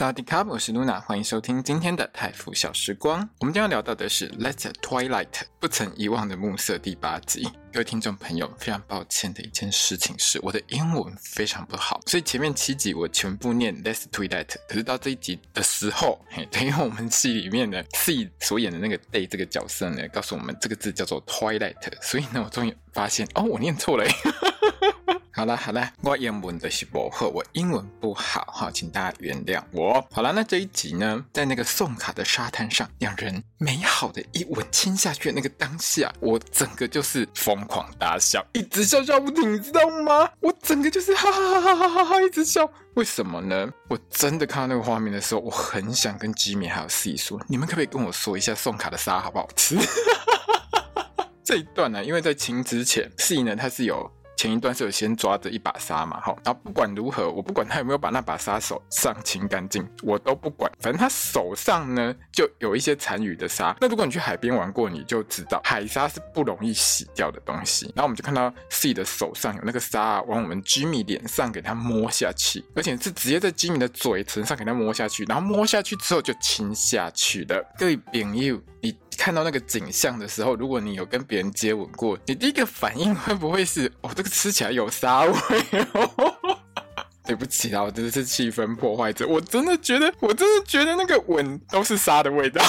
大家好，我是 Luna，歡迎收聽今天的《泰腐小時光》。我們將要聊到的是《Let's Twilight 不曾遺忘的暮色》第八集。各位聽眾朋友，非常抱歉的一件事情是，我的英文非常不好，所以前面七集我全部念 Let's Twilight，可是到這一集的時候，嘿，等於我們戲裡面的 C 所演的那個 Day 這個角色呢，告訴我們這個字叫做 Twilight，所以呢，我終於發現，哦，我念錯了耶。 好啦好啦，我英文就是不好，我英文不好哈，請大家原諒我。好啦，那這一集呢，在那個宋卡的沙灘上，兩人美好的一吻親下去那個當下，我整個就是瘋狂大笑，一直笑笑不停，你知道嗎？我整個就是哈哈哈哈哈哈一直笑，為什麼呢？我真的看到那個畫面的時候，我很想跟吉米還有 Sea 說，你們可不可以跟我說一下宋卡的沙好不好吃？ 這一段呢，啊，因為在親之前，Sea 呢，他是有。前一段是有先抓着一把沙嘛，好，然後不管如何，我不管他有沒有把那把沙手上清乾淨，我都不管，反正他手上呢就有一些殘餘的沙。那如果你去海邊玩過，你就知道海沙是不容易洗掉的東西。然後我們就看到 C 的手上有那個沙往我們 Jimmy 臉上給他摸下去，而且是直接在 Jimmy 的嘴唇上給他摸下去，然後摸下去之後就親下去了。對，B 又你。看到那個景象的時候，如果你有跟別人接吻過，你第一個反應會不會是：哦，這個吃起來有沙味哦！ 對不起啦，我真的是氣氛破壞者。我真的覺得，我真的覺得那個吻都是沙的味道。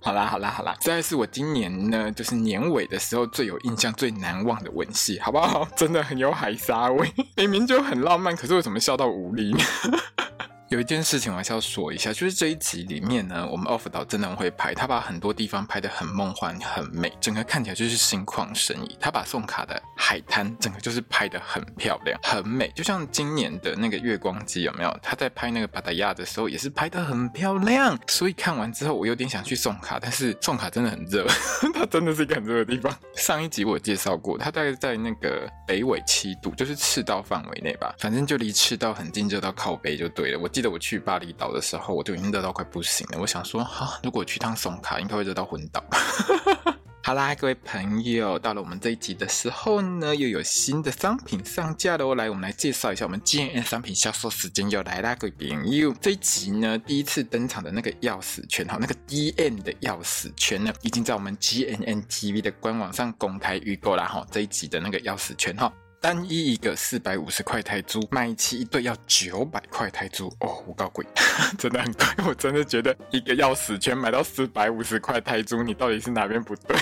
好啦好啦好啦，這個是我今年呢，就是年尾的時候最有印象、最難忘的吻戲，好不好？真的很有海沙味，明明就很浪漫，可是為什麼笑到無力？ 有一件事情我還是要說一下，就是這一集裡面呢，我們 off 島真的很會拍，他把很多地方拍得很夢幻、很美，整個看起來就是心曠神怡。他把宋卡的海灘整個就是拍得很漂亮、很美，就像今年的那個月光雞，有沒有？他在拍那個芭達雅的時候也是拍得很漂亮。所以看完之後我有點想去宋卡，但是宋卡真的很熱， 它真的是一個很熱的地方。上一集我有介紹過，它大概在那個北緯七度，就是赤道範圍內吧，反正就離赤道很近，就到靠北就對了。我。記得我去巴厘島的時候，我就已經熱到快不行了。我想說，哈、啊，如果我去趟松卡，應該會熱到昏倒。 好啦，各位朋友，到了我們這一集的時候呢，又有新的商品上架了哦。來，我們來介紹一下我們 GMMTV 商品銷售時間又來啦，各位朋友。這一集呢，第一次登場的那個鑰匙圈哈，那個 D N 的鑰匙圈呢，已經在我們 GMMTV 的官網上公開預購啦哈。這一集的那個鑰匙圈哈。單一一個四百五十塊泰銖，買起一對要九百塊泰銖哦，我搞鬼， 真的很貴，我真的覺得一個鑰匙圈買到四百五十塊泰銖，你到底是哪邊不對？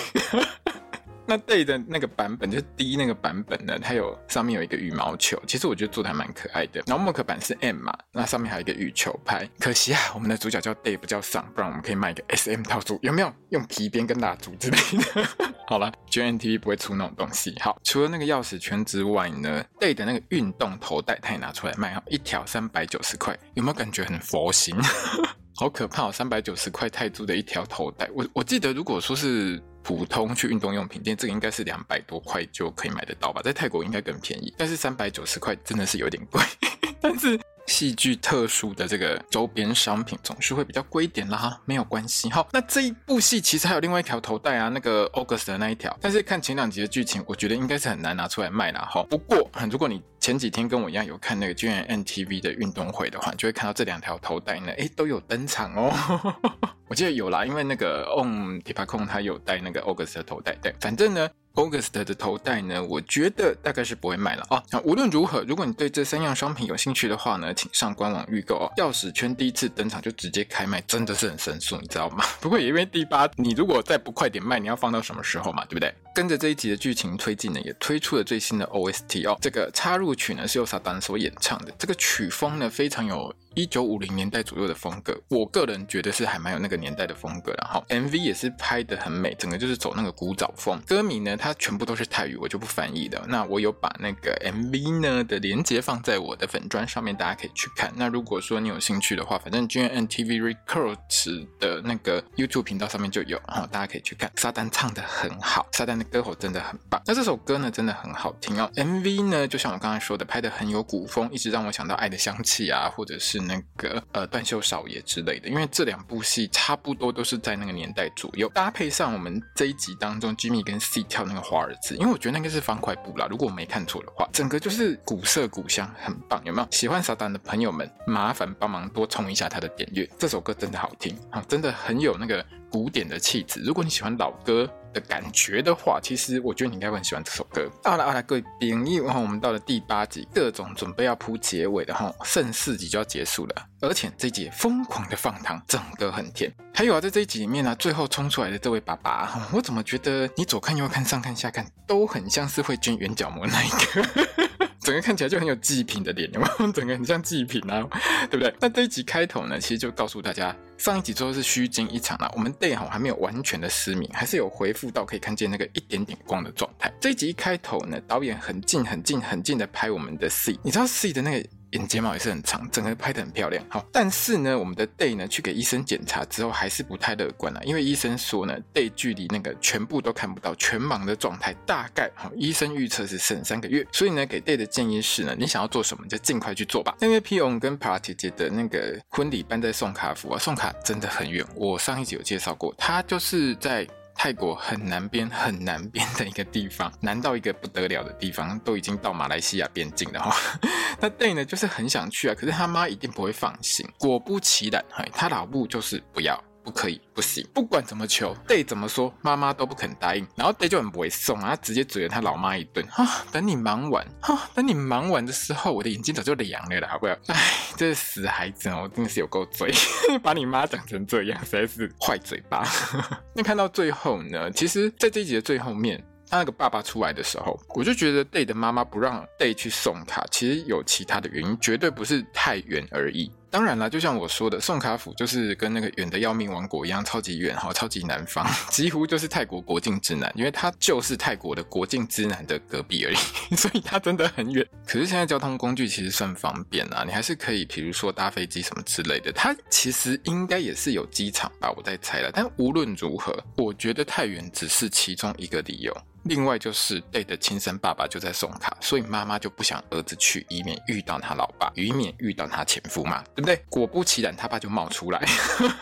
那 day 的那個版本就是 D 那個版本呢，它有上面有一個羽毛球，其實我覺得做的還蠻可愛的。然後木刻版是 M 嘛，那上面還有一個羽球拍。可惜啊，我們的主角叫 day 不叫桑，不然我們可以賣一個 S M 套組，有沒有？用皮鞭跟蠟燭之類的。 好了，g N T V 不會出那種東西。好，除了那個鑰匙圈之外呢 ，day 的那個運動頭帶它也拿出來賣哈，一條三百九十塊，有沒有感覺很佛心？ 好可怕喔！三百九十塊泰銖的一條頭帶，我我記得如果說是普通去運動用品店，這個應該是兩百多塊就可以買得到吧，在泰國應該更便宜，但是三百九十塊真的是有點貴， 但是。戲劇特殊的這個周邊商品總是會比較貴一點啦，沒有關係哈。那這一部戲其實還有另外一條頭帶啊，那個 August 的那一條，但是看前兩集的劇情，我覺得應該是很難拿出來賣啦哈。不過如果你前幾天跟我一樣有看那個 GMMTV 的運動會的話，你就會看到這兩條頭帶呢，誒、欸、都有登場哦呵呵呵。我記得有啦，因為那個 Om Tipacon 他有戴那個 August 的頭帶，對，反正呢。August 的頭戴呢，我覺得大概是不會賣了、哦、啊。那無論如何，如果你對這三樣商品有興趣的話呢，請上官網預購哦。鑰匙圈第一次登場就直接開賣，真的是很神速，你知道嗎？不過也因為第八，你如果再不快點賣，你要放到什麼時候嘛？對不對？跟着這一集的劇情推進呢，也推出了最新的 OST 哦。這個插入曲呢是由撒旦所演唱的，這個曲風呢非常有。一九五零年代左右的風格，我個人覺得是還蠻有那個年代的風格的哈，然後 MV 也是拍的很美，整個就是走那個古早風。歌名呢，它全部都是泰語，我就不翻譯的。那我有把那個 MV 呢的連接放在我的粉專上面，大家可以去看。那如果說你有興趣的話，反正 GMMTV Records 的那個 YouTube 頻道上面就有哈，然後大家可以去看。沙丹唱的很好，沙丹的歌喉真的很棒。那這首歌呢，真的很好聽啊。MV 呢，就像我剛才說的，拍的很有古風，一直讓我想到《愛的香氣》啊，或者是。那個呃，斷袖少爺之類的，因為這兩部戲差不多都是在那個年代左右，搭配上我們這一集當中 Jimmy 跟 Sea 跳那個華爾茲，因為我覺得那個是方塊布啦，如果我沒看錯的話，整個就是古色古香，很棒，有沒有？喜歡撒旦的朋友們，麻煩幫忙多衝一下他的點閱，這首歌真的好聽啊，真的很有那個。古典的氣質，如果你喜歡老歌的感覺的話，其實我覺得你應該會很喜歡這首歌。好了好了，各位朋友，我們到了第八集，各種準備要鋪結尾的哈，剩四集就要結束了，而且這一集瘋狂的放糖，整個很甜。還有啊，在這一集裡面呢、啊，最後衝出來的這位爸爸，我怎麼覺得你左看右看、上看下看都很像是會捐眼角膜那一個。 整個看起來就很有祭品的臉，我們整個很像祭品啊，對不對？那這一集開頭呢，其實就告訴大家，上一集之後是虛驚一場了，我們 Day 好像還沒有完全的失明，還是有回復到可以看見那個一點點光的狀態。這一集一開頭呢，導演很近、很近、很近的拍我們的 C，你知道 C 的那個。眼睫毛也是很長，整個拍得很漂亮。好，但是呢，我們的 Day 呢去給醫生檢查之後還是不太樂觀了，因為醫生說呢，Day 距離那個全部都看不到全盲的狀態，大概好醫生預測是剩三個月。所以呢，給 Day 的建議是呢，你想要做什麼就儘快去做吧。因為 Pon 跟 Part 姐姐的那個婚禮辦在宋卡府啊，宋卡真的很遠。我上一集有介紹過，他就是在。泰國很南邊，很南邊的一個地方，南到一個不得了的地方，都已經到馬來西亞邊境了。哈， 那 Day 呢，就是很想去啊，可是他媽一定不會放心。果不其然，他老母就是不要。不可以，不行，不管怎麼求，Day 怎麼說，媽媽都不肯答應。然後 Day 就很不會送啊，直接嘴了他老媽一頓哈、啊，等你忙完哈、啊，等你忙完的時候，我的眼睛早就涼了啦，好不好？哎，這是死孩子哦，我真的是有夠嘴， 把你媽講成這樣，實在是壞嘴巴。 那看到最後呢？其實，在這一集的最後面，他那個爸爸出來的時候，我就覺得 Day 的媽媽不讓 Day 去送他，其實有其他的原因，絕對不是太遠而已。當然啦，就像我說的，宋卡府就是跟那個遠的要命王國一樣，超級遠，超級南方，幾乎就是泰國國境之南，因為它就是泰國的國境之南的隔壁而已，所以它真的很遠。可是現在交通工具其實算方便啦，你還是可以，比如說搭飛機什麼之類的，它其實應該也是有機場吧，我在猜了。但無論如何，我覺得太遠只是其中一個理由。另外就是 Day 的親生爸爸就在送卡，所以媽媽就不想兒子去，以免遇到他老爸，以免遇到他前夫嘛，對不對？果不其然，他爸就冒出來。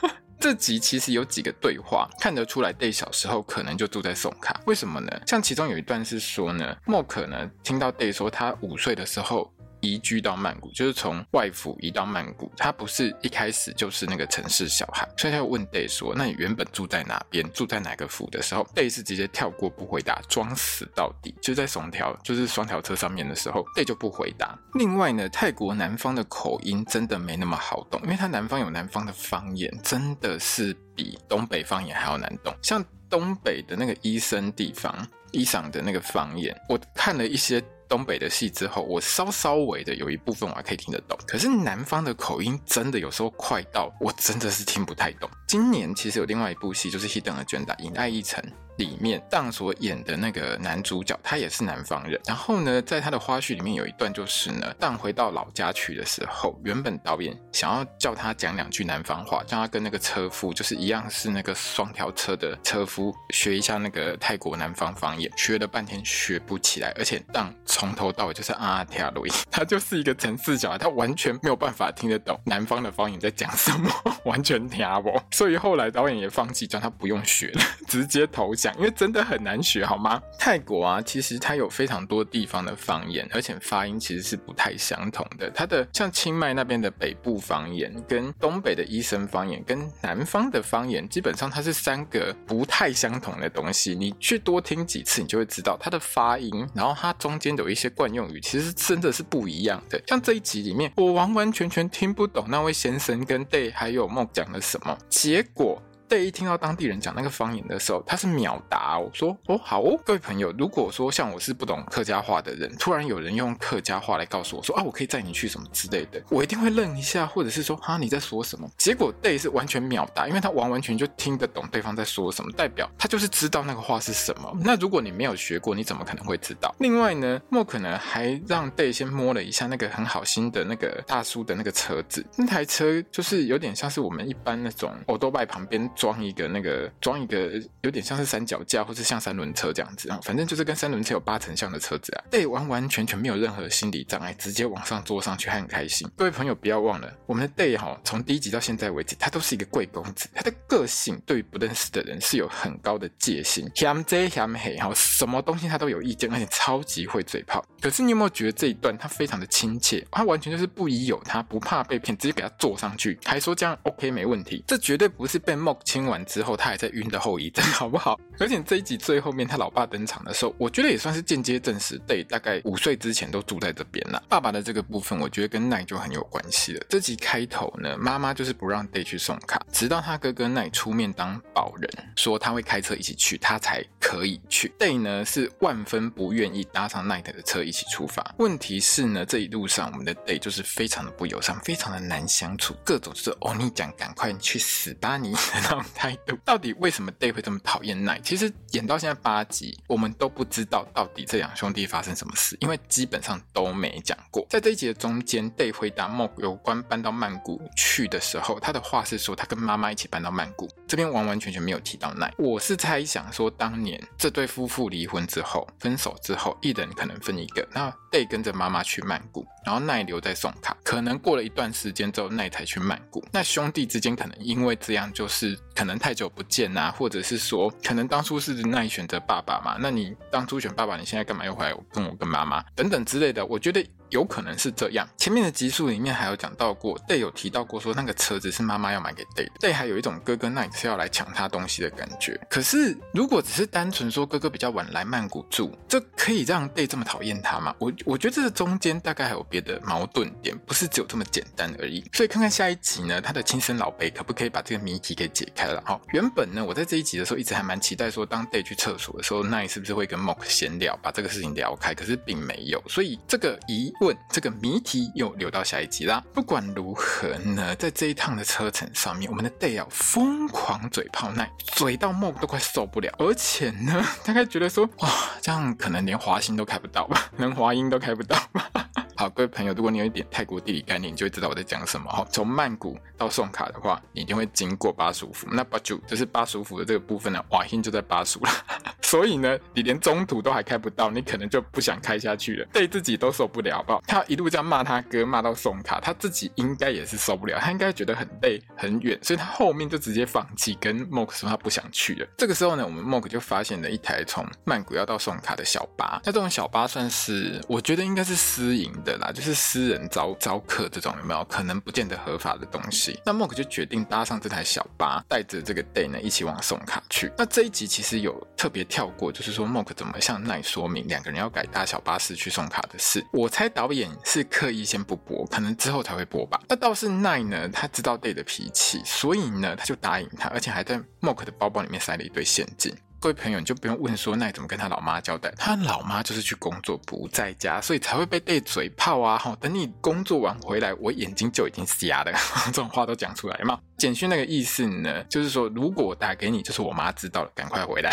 這集其實有幾個對話看得出來，Day 小時候可能就住在送卡，為什麼呢？像其中有一段是說呢，莫可呢聽到 Day 說他五歲的時候。移居到曼谷，就是從外府移到曼谷。他不是一開始就是那個城市小孩，所以他要問 Day 說：“那你原本住在哪邊？住在哪個府的時候？”Day 是直接跳過不回答，裝死到底。就在雙條，就是雙條車上面的時候，Day 就不回答。另外呢，泰國南方的口音真的沒那麼好懂，因為它南方有南方的方言，真的是比東北方言還要難懂。像東北的那個伊森地方，伊桑的那個方言，我看了一些。東北的戲之後，我稍稍微的有一部分我還可以聽得懂，可是南方的口音真的有時候快到我真的是聽不太懂。今年其實有另外一部戲，就是 Hidden Agenda《隱愛一層》。裡面當所演的那個男主角，他也是南方人。然後呢，在他的花絮裡面有一段，就是呢，當回到老家去的時候，原本導演想要叫他講兩句南方話，叫他跟那個車夫，就是一樣是那個雙條車的車夫，學一下那個泰國南方方言。學了半天學不起來，而且當從頭到尾就是啊啊羅伊，他就是一個城市小孩，他完全沒有辦法聽得懂南方的方言在講什麼，完全聽不懂。所以後來導演也放棄叫他不用學了，直接投。因為真的很難學，好嗎？泰國啊，其實它有非常多地方的方言，而且發音其實是不太相同的。它的像清邁那邊的北部方言，跟東北的醫生方言，跟南方的方言，基本上它是三個不太相同的東西。你去多聽幾次，你就會知道它的發音，然後它中間有一些慣用語，其實真的是不一樣的。像這一集裡面，我完完全全聽不懂那位先生跟 Day 還有 Mhok 講了什麼，結果。Day 一聽到當地人講那個方言的時候，他是秒答，我說，哦，好哦，各位朋友，如果說像我是不懂客家話的人，突然有人用客家話來告訴我說啊，我可以載你去什麼之類的，我一定會愣一下，或者是說哈、啊、你在說什麼？結果 Day 是完全秒答，因為他完完全全就聽得懂對方在說什麼，代表他就是知道那個話是什麼。那如果你沒有學過，你怎麼可能會知道？另外呢，Mork 呢還讓 Day 先摸了一下那個很好心的那個大叔的那個車子，那台車就是有點像是我們一般那種歐都拜旁邊。裝一個那個，裝一個有點像是三腳架，或是像三輪車這樣子啊、哦，反正就是跟三輪車有八成像的車子啊。Day 完完全全沒有任何心理障礙，直接往上坐上去，還很開心。各位朋友不要忘了，我們的 Day 哈，從第一集到現在為止，他都是一個貴公子，他的個性對於不認識的人是有很高的戒心，嫌這嫌黑，然後什麼東西他都有意見，而且超級會嘴炮。可是你有沒有覺得這一段他非常的親切？他完全就是不疑有他，不怕被騙，直接給他坐上去，還說這樣 OK 沒問題。這絕對不是被 mock 親完之後，他還在暈的後遺症，好不好？而且這一集最後面，他老爸登場的時候，我覺得也算是間接證實，Day 大概五歲之前都住在這邊了。爸爸的這個部分，我覺得跟 Night 就很有關係了。這集開頭呢，媽媽就是不讓 Day 去送卡，直到他哥哥 Night 出面當保人，說他會開車一起去，他才可以去。Day 呢是萬分不願意搭上 Night 的車一起出發。問題是呢，這一路上我們的 Day 就是非常的不友善，非常的難相處，各種、就是哦你講趕快去死吧你。 態度到底為什麼 Day 會這麼討厭奈？其實演到現在八集，我們都不知道到底這兩兄弟發生什麼事，因為基本上都沒講過。在這一集的中間，Day 回答莫有關搬到曼谷去的時候，他的話是說他跟媽媽一起搬到曼谷，這邊完完全全沒有提到奈。我是猜想說，當年這對夫婦離婚之後，分手之後，一人可能分一個。那跟着媽媽去曼谷，然後奈留在宋卡。可能過了一段時間之後奈才去曼谷。那兄弟之間可能因為這樣，就是可能太久不見啊，或者是說，可能當初是奈選擇爸爸嘛？那你當初選爸爸，你現在幹嘛又回來跟我跟我跟媽媽等等之類的？我覺得。有可能是這樣。前面的集數裡面還有講到過，Day 有提到過說那個車子是媽媽要買給 Day 的 Day 還有一種哥哥 Night 是要來搶他東西的感覺。可是如果只是單純說哥哥比較晚來曼谷住，這可以讓 Day 這麼討厭他嗎？我我覺得這中間大概還有別的矛盾點，不是只有這麼簡單而已。所以看看下一集呢，他的親生老貝可不可以把這個謎題給解開了？好，原本呢我在這一集的時候一直還蠻期待說，當 Day 去廁所的時候，Night 是不是會跟 Mock 閒聊把這個事情聊開？可是並沒有，所以這個疑。問這個謎題又留到下一集啦。不管如何呢，在這一趟的車程上面，我們的 Day 瘋狂嘴炮耐，嘴到 Mhok 都快受不了。而且呢，大概覺得說，哇、哦，這樣可能連華欣都開不到吧，連華欣都開不到吧。好，各位朋友，如果你有一點泰國地理概念，你就會知道我在講什麼。哈，從曼谷到宋卡的話，你一定會經過巴蜀府。那巴蜀就是巴蜀府的這個部分呢，華欣就在巴蜀了。 所以呢，你連中途都還開不到，你可能就不想開下去了，對自己都受不了吧？他一路這樣罵他哥，罵到宋卡，他自己應該也是受不了，他應該覺得很累、很遠，所以他後面就直接放棄，跟莫克說他不想去了。這個時候呢，我們莫克就發現了一台從曼谷要到宋卡的小巴。那這種小巴算是，我覺得應該是私營的。的啦，就是私人招招客這種有沒有可能不見得合法的東西？那莫克就決定搭上這台小巴，帶着這個 Day 呢一起往送卡去。那這一集其實有特別跳過，就是說莫克怎麼向奈說明兩個人要改搭小巴士去送卡的事。我猜導演是刻意先不播，可能之後才會播吧。那倒是奈呢，他知道 Day 的脾氣，所以呢他就答應他，而且還在莫克的包包裡面塞了一堆現金。位朋友，你就不用問說奈怎麼跟他老媽交代，他老媽就是去工作不在家，所以才會被對嘴炮啊！吼，等你工作完回來，我眼睛就已經瞎了。這種話都講出來嘛。簡訊那個意思呢，就是說如果我打給你，就是我媽知道了，趕快回來，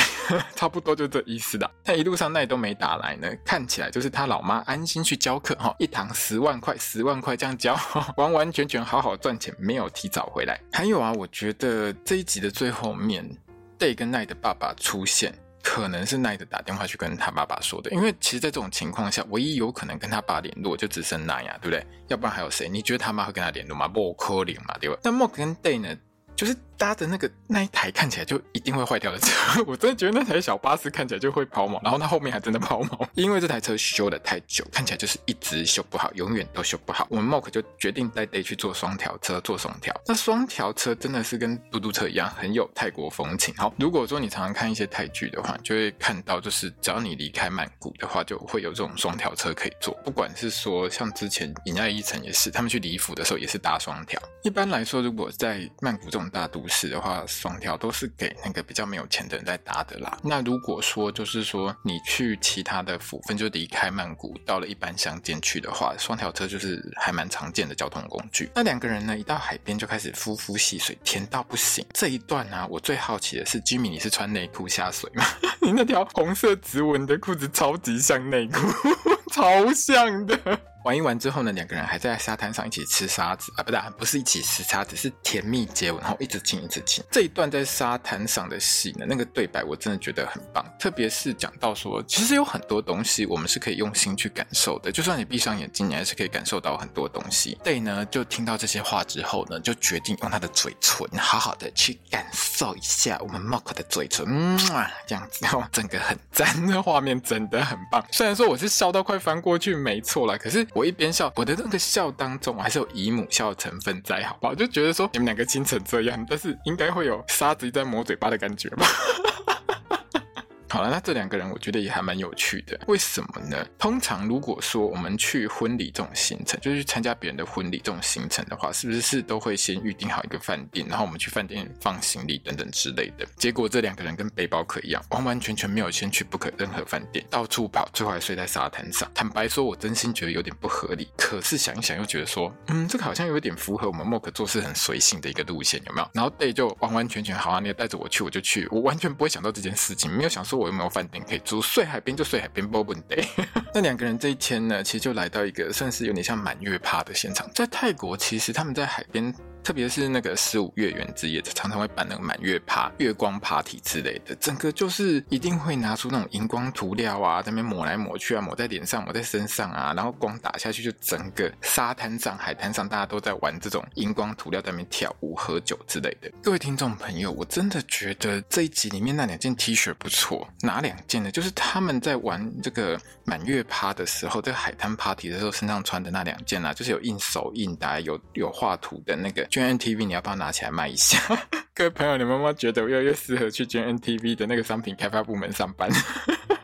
差不多就這意思的。但一路上奈都沒打來呢，看起來就是他老媽安心去教課哈，一堂十萬塊，十萬塊這樣教，完完全全好好賺錢，沒有提早回來。還有啊，我覺得這一集的最後面。Day 跟 Night 的爸爸出現，可能是 Night 的打電話去跟他爸爸說的，因為其實，在這種情況下，唯一有可能跟他爸聯絡，就只剩 Night 呀、啊，對不對？要不然還有誰？你覺得他媽會跟他聯絡嗎？不可能嘛，對吧？那莫克跟 Day 呢？就是搭的那個那一台看起來就一定會壞掉的車， 我真的覺得那台小巴士看起來就會拋錨，然後它後面還真的拋錨， 因為這台車修的太久，看起來就是一直修不好，永遠都修不好。我們默克就決定帶 Day 去坐雙條車，坐雙條。那雙條車真的是跟嘟嘟車一樣，很有泰國風情。好，如果說你常常看一些泰劇的話，就會看到，就是只要你離開曼谷的話，就會有這種雙條車可以坐。不管是說像之前尹愛一層也是，他們去黎府的時候也是搭雙條。一般來說，如果在曼谷這種。大都市的話，雙條都是給那個比較沒有錢的人在搭的啦。那如果說就是說你去其他的府分，就離開曼谷，到了一般鄉間去的話，雙條車就是還蠻常見的交通工具。那兩個人呢，一到海邊就開始夫夫戲水，甜到不行。這一段呢、啊，我最好奇的是，Jimmy，你是穿內褲下水嗎？ 你那條紅色直紋的褲子超級像內褲，超像的。玩一玩之後呢，兩個人還在沙灘上一起吃沙子啊，不對，啊，不是一起吃沙子，是甜蜜接吻，然後一直親一直親。這一段在沙灘上的戲呢，那個對白我真的覺得很棒，特別是講到說，其實有很多東西我們是可以用心去感受的，就算你閉上眼睛，你還是可以感受到很多東西。對呢，就聽到這些話之後呢，就決定用他的嘴唇好好的去感受一下我們 Mork 的嘴唇，嗯，這樣子，整個很讚，那畫面真的很棒。雖然說我是笑到快翻過去，沒錯啦，可是。我一邊笑，我的那個笑當中還是有姨母笑的成分在，好吧？就覺得說你們兩個親成這樣，但是應該會有沙子在磨嘴巴的感覺吧。 好了，那這兩個人我覺得也還蠻有趣的，為什麼呢？通常如果說我們去婚禮這種行程，就是去參加別人的婚禮這種行程的話，是不是是都會先預定好一個飯店，然後我們去飯店放行李等等之類的？結果這兩個人跟背包客一樣，完完全全沒有先去不可任何飯店，到處跑，最後還睡在沙灘上。坦白說，我真心覺得有點不合理。可是想一想，又覺得說，嗯，這個好像有點符合我們莫可做事很隨性的一個路線，有沒有？然後 Day 就完完全全，好啊，你要帶着我去，我就去，我完全不會想到這件事情，沒有想說。我有沒有飯店可以住？睡海邊就睡海邊，Bobbin Day。那兩個人這一天呢，其實就來到一個算是有點像滿月趴的現場。在泰國，其實他們在海邊。特別是那個十五月圓之夜，他常常會辦那個滿月趴、月光趴體之類的，整個就是一定會拿出那種熒光塗料啊，在那邊抹來抹去啊，抹在臉上、抹在身上啊，然後光打下去，就整個沙灘上、海灘上大家都在玩這種熒光塗料，在那邊跳舞喝酒之類的。各位聽眾朋友，我真的覺得這一集裡面那兩件 T 恤不錯，哪兩件呢？就是他們在玩這個滿月趴的時候、這個海灘趴體的時候，身上穿的那兩件啊，就是有印手印的、啊、還有有畫圖的那個。捐 NTV，你要不要拿起來賣一下？ 各位朋友，你媽媽覺得我越來越適合去捐 NTV 的那個商品開發部門上班。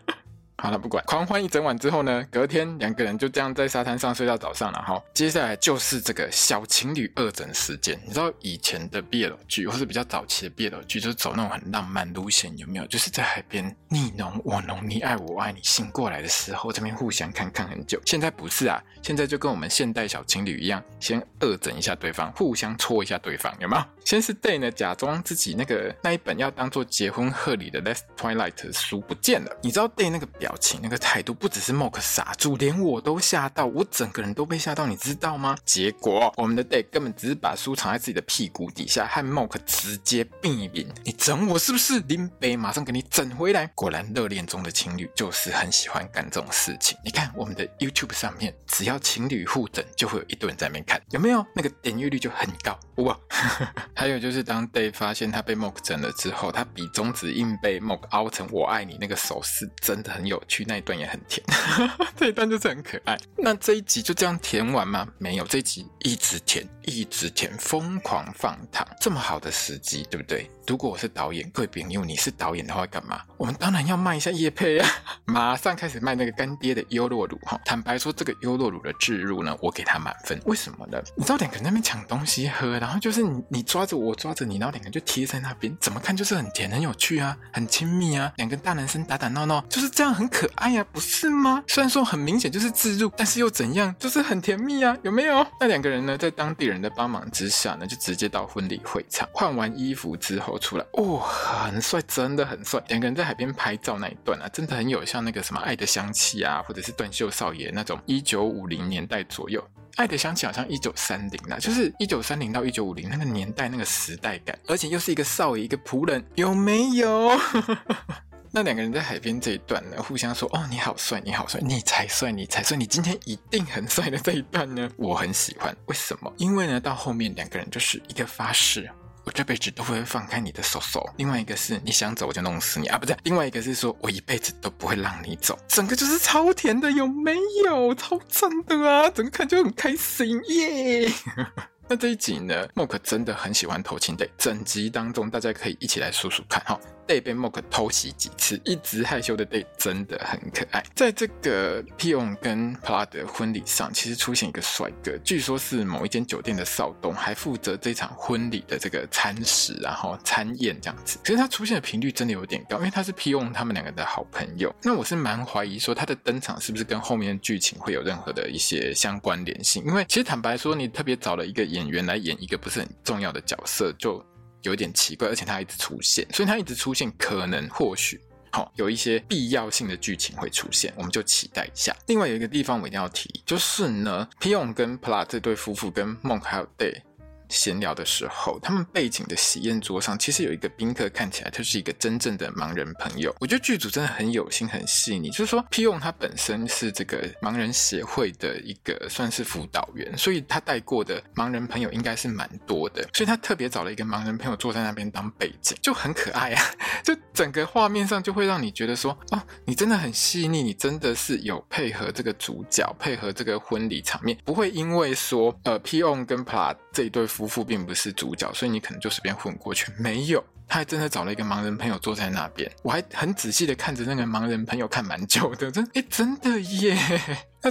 好了，不管狂歡一整晚之後呢，隔天兩個人就這樣在沙灘上睡到早上了哈。然後，接下來就是這個小情侶惡整時間。你知道以前的 BL 劇，或是比較早期的 BL 劇，就是走那種很浪漫路線，有沒有？就是在海邊你儂我儂，你愛我愛你。醒過來的時候，這邊互相看看很久。現在不是啊，現在就跟我們現代小情侶一樣，先惡整一下對方，互相戳一下對方，有沒有？先是 Day 呢，假裝自己那個那一本要當做結婚賀禮的《Last Twilight》書不見了。你知道 Day 那個表。表情那個態度不只是 Mock 傻住，連我都嚇到，我整個人都被嚇到，你知道嗎？結果我們的 Day 根本只是把書藏在自己的屁股底下，和 Mock 直接並一並。你整我是不是？林北馬上給你整回來。果然熱戀中的情侶就是很喜歡幹這種事情。你看我們的 YouTube 上面，只要情侶互整，就會有一堆人在那邊看，有沒有？那個點閱率就很高。哇！ 還有就是當 Day 發現他被 Mock 整了之後，他比中指硬被 Mock 凹成我愛你那個手勢，真的很有。我去那一段也很甜， 這一段就是很可愛。那這一集就這樣甜完嗎？沒有，這一集一直甜。一直舔，瘋狂放糖，這麼好的時機，對不對？如果我是導演，會利用你是導演的話幹嘛？我們當然要賣一下業配啊！ 馬上開始賣那個乾爹的優洛乳哈、哦！坦白說，這個優洛乳的置入呢，我給它滿分。為什麼呢？你知道兩個人那邊搶東西喝，然後就是你，你抓着我抓着你，然後兩個就貼在那邊，怎麼看就是很甜很有趣啊，很親密啊，兩個大男生打打鬧鬧就是這樣很可愛呀、啊，不是嗎？雖然說很明顯就是置入，但是又怎樣？就是很甜蜜啊，有沒有？那兩個人呢，在當地人，的幫忙之下呢，就直接到婚禮會場換完衣服之後出來，哦，很帥，真的很帥。兩個人在海邊拍照那一段啊，真的很有像那個什麼愛、啊《愛的香氣》啊，或者是《斷袖少爺》那種一九五零年代左右，《愛的香氣》好像一九三零，啊，就是一九三零到一九五零那個年代那個時代感，而且又是一個少爺，一個僕人，有沒有？ 那兩個人在海邊，這一段呢，互相說：“哦，你好帥，你好帥，你才帥，你才帥，你今天一定很帥的這一段呢，我很喜歡。為什麼？因為呢，到後面兩個人就是一個發誓，我這輩子都不會放開你的手手，另外一個是你想走我就弄死你啊，不對，另外一個是說我一輩子都不會讓你走。整個就是超甜的，有沒有？超讚的啊！整個看就很開心耶。 那這一集呢，莫克真的很喜歡偷親的。整集當中，大家可以一起來數數看哈。” Day 被 Mhok 偷襲幾次，一直害羞的 Day 真的很可愛。在這個 Pion 跟 Plada 的婚禮上，其實出現一個帥哥，據說是某一間酒店的少東，還負責這場婚禮的這個餐食，然後餐宴這樣子。其實他出現的頻率真的有點高，因為他是 Pion 他們兩個的好朋友。那我是蠻懷疑說他的登場是不是跟後面的劇情會有任何的一些相關聯性？因為其實坦白說，你特別找了一個演員來演一個不是很重要的角色，就。有點奇怪，而且它一直出現，所以它一直出現，可能或許好、哦、有一些必要性的劇情會出現，我們就期待一下。另外有一個地方我一定要提，就是呢，Pion 跟 Pla 這對夫婦跟 Mork 還有 Day。閒聊的時候，他們背景的喜宴桌上其實有一個賓客，看起來他是一個真正的盲人朋友。我覺得劇組真的很有心、很細膩。就是說，Pion 他本身是這個盲人協會的一個算是輔導員，所以他帶過的盲人朋友應該是蠻多的，所以他特別找了一個盲人朋友坐在那邊當背景，就很可愛啊！就整個畫面上就會讓你覺得說，哦，你真的很細膩，你真的是有配合這個主角，配合這個婚禮場面，不會因為說呃，Pion 跟 Pla 這一對。夫婦並不是主角，所以你可能就隨便混過去。沒有，他還真的找了一個盲人朋友坐在那邊，我還很仔細的看着那個盲人朋友看蠻久的。真，誒、欸，真的耶。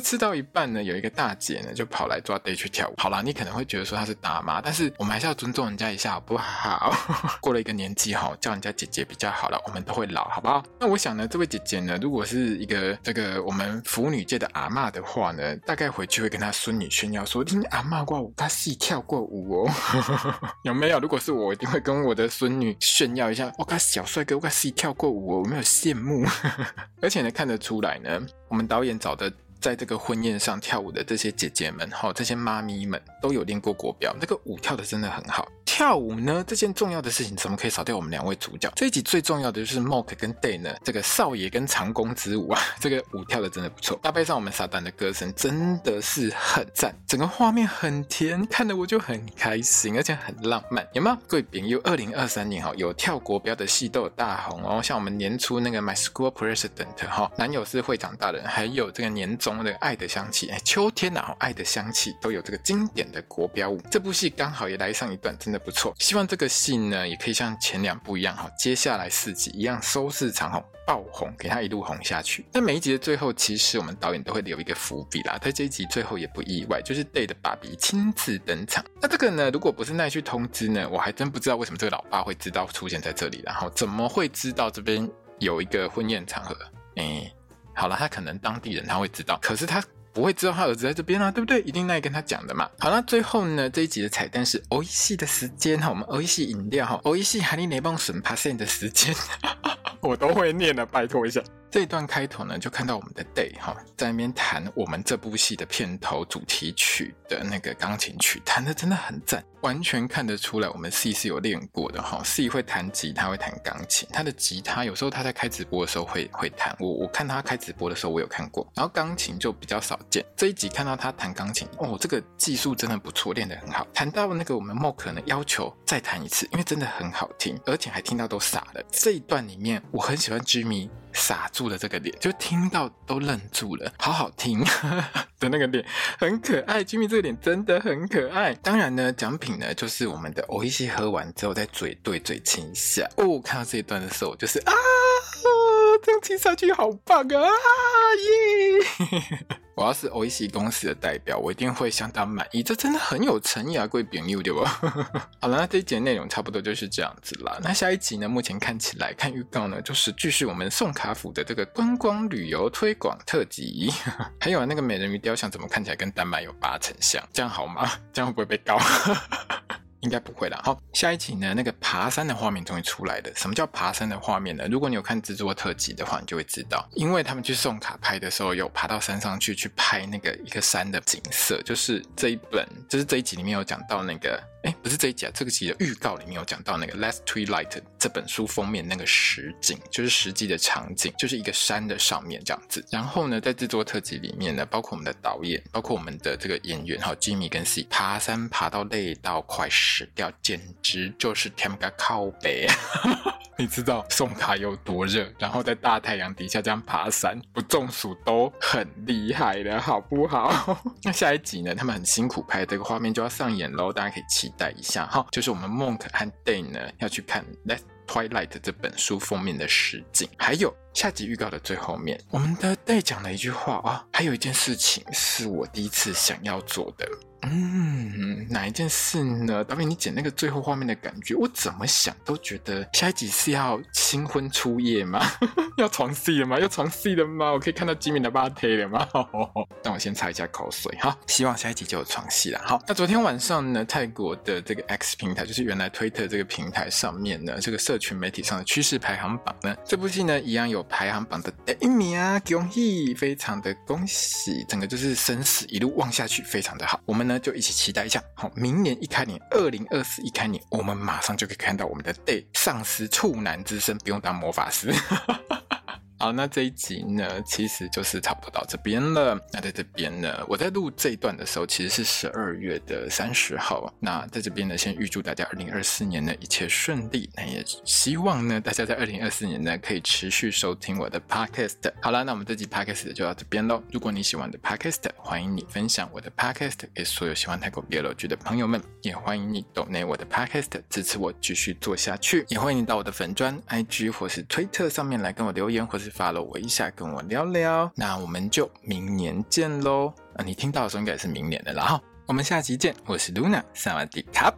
吃到一半呢，有一個大姐呢，就跑來抓 Day 去跳舞。好啦，你可能會覺得說她是大媽，但是我們還是要尊重人家一下，好不好？ 過了一個年紀、哦、叫人家姐姐比較好了。我們都會老，好不好？那我想呢，這位姐姐呢，如果是一個這個我們腐女界的阿嬤的話呢，大概回去會跟她孫女炫耀說：“聽阿嬤，我她是跳過舞哦。 ”有沒有？如果是我，我一定會跟我的孫女炫耀一下：“我可小帥哥，我可是跳過舞哦。”有沒有羨慕？ 而且呢，看得出來呢，我們導演找的。在這個婚宴上跳舞的這些姐姐們，哈，這些媽咪們都有練過國標，那、這個舞跳的真的很好。跳舞呢，這件重要的事情怎麼可以少掉我們兩位主角？這一集最重要的就是 Mock 跟 Day 呢，這個少爺跟長工之舞啊，這個舞跳的真的不錯，搭配上我們撒旦的歌聲，真的是很讚。整個畫面很甜，看得我就很開心，而且很浪漫，有嗎？貴賓，有2023年哈、哦，有跳國標的戲都有大紅哦，像我們年初那個 My School President 哈、哦，男友是會長大人，還有這個年終的愛的香氣，哎、秋天吶、啊哦，愛的香氣都有這個經典的國標舞，這部戲剛好也來上一段真的。不錯，希望這個戲呢也可以像前兩部一樣，接下來四集一樣收視長紅爆紅，給他一路紅下去。那每一集的最後，其實我們導演都會留一個伏筆啦。在這一集最後也不意外，就是 Day 的爸比親自登場。那這個呢，如果不是奈去通知呢，我還真不知道為什麼這個老爸會知道出現在這裡，然後怎麼會知道這邊有一個婚宴場合？哎、嗯，好了，他可能當地人他會知道，可是他。不會知道他兒子在這邊啊，對不對？一定耐跟他講的嘛。好了，那最後呢，這一集的彩蛋是歐億系的時間哈、哦，我們歐億系飲料哈，歐億系哈尼雷邦筍帕森的時間，我都會念的，拜托一下。這一段開頭呢，就看到我們的 Day 哈，在那邊彈我們這部戲的片頭主題曲的那個鋼琴曲，彈得真的很讚，完全看得出來我們 C 是有練過的哈。C 會彈吉他，會彈鋼琴，他的吉他有時候他在開直播的時候會會彈，我我看他開直播的時候我有看過，然後鋼琴就比較少見。這一集看到他彈鋼琴哦，這個技術真的不錯，練得很好。彈到那個我們 Mock 呢，要求再彈一次，因為真的很好聽，而且還聽到都傻了。這一段裡面我很喜歡 Jimmy。傻住了，這個臉，就聽到都愣住了，好好聽 的那個臉，很可愛。Jimmy 這個臉真的很可愛。當然呢，獎品呢就是我們的，哦，一些喝完之後再嘴對嘴親一下。哦，看到這一段的時候，我就是啊。這樣聽下去好棒啊！耶、yeah! 我要是 OEC 公司的代表，我一定會相當滿意。這真的很有誠意啊，貴 you 對吧？ 好了，那這一集內容差不多就是這樣子啦。那下一集呢？目前看起來看預告呢，就是繼續我們宋卡府的這個觀光旅遊推廣特輯。 還有、啊、那個美人魚雕像，怎麼看起來跟丹麥有八成像？這樣好嗎？這樣會不會被告？ 應該不會啦。好，下一集呢，那個爬山的畫面終於出來了。什麼叫爬山的畫面呢？如果你有看製作特輯的話，你就會知道，因為他們去送卡拍的時候，有爬到山上去，去拍那個一個山的景色。就是這一本，就是這一集裡面有講到那個，哎，不是這一集啊，這個集的預告裡面有講到那個《Last Twilight》這本書封面那個實景，就是實際的場景，就是一個山的上面這樣子。然後呢，在製作特輯裡面呢，包括我們的導演，包括我們的這個演員哈，Jimmy 跟 Sea，爬山爬到累到快。死掉簡直就是天不個靠北， 你知道宋卡有多熱？然後在大太陽底下這樣爬山，不中暑都很厲害了，好不好？那 下一集呢？他們很辛苦拍這個畫面就要上演嘍，大家可以期待一下哈。就是我們 Mhok 和 Day 呢，要去看，Let's。Twilight 這本書封面的實景，還有下一集預告的最後面，我們的代講了一句話啊，還有一件事情是我第一次想要做的，嗯，哪一件事呢？導演，你剪那個最後畫面的感覺，我怎麼想都覺得下一集是要新婚初夜嗎？ 要床戲了嗎？要床戲了嗎？我可以看到吉米的巴特了嗎？那 我先擦一下口水哈，希望下一集就有床戲啦。好，那昨天晚上呢，泰國的這個 X 平台，就是原來 Twitter 這個平台上面呢，這個設計全媒體上的趨勢排行榜呢？這部戲呢，一樣有排行榜的第一名啊！恭喜，非常的恭喜，整個就是生死一路望下去，非常的好。我們呢，就一起期待一下，好，明年一開年，二零二四一開年，我們馬上就可以看到我們的 Day 喪失處男之身，不用當魔法師。 好，那這一集呢，其實就是差不多到這邊了。那在這邊呢，我在錄這一段的時候，其實是十二月的三十號。那在這邊呢，先預祝大家二零二四年呢一切順利。那也希望呢，大家在二零二四年呢可以持續收聽我的 Podcast。好啦，那我們這集 Podcast 就到這邊嘍。如果你喜歡的 Podcast，歡迎你分享我的 Podcast 給所有喜歡泰國 BL 劇的朋友們，也歡迎你 Donate 我的 Podcast 支持我繼續做下去，也歡迎你到我的粉專、IG 或是推特上面來跟我留言，或是。發了我一下，跟我聊聊，那我們就明年見嘍。啊，你聽到的時候應該是明年的啦。然後，我們下期見。我是 Luna，薩瓦迪卡。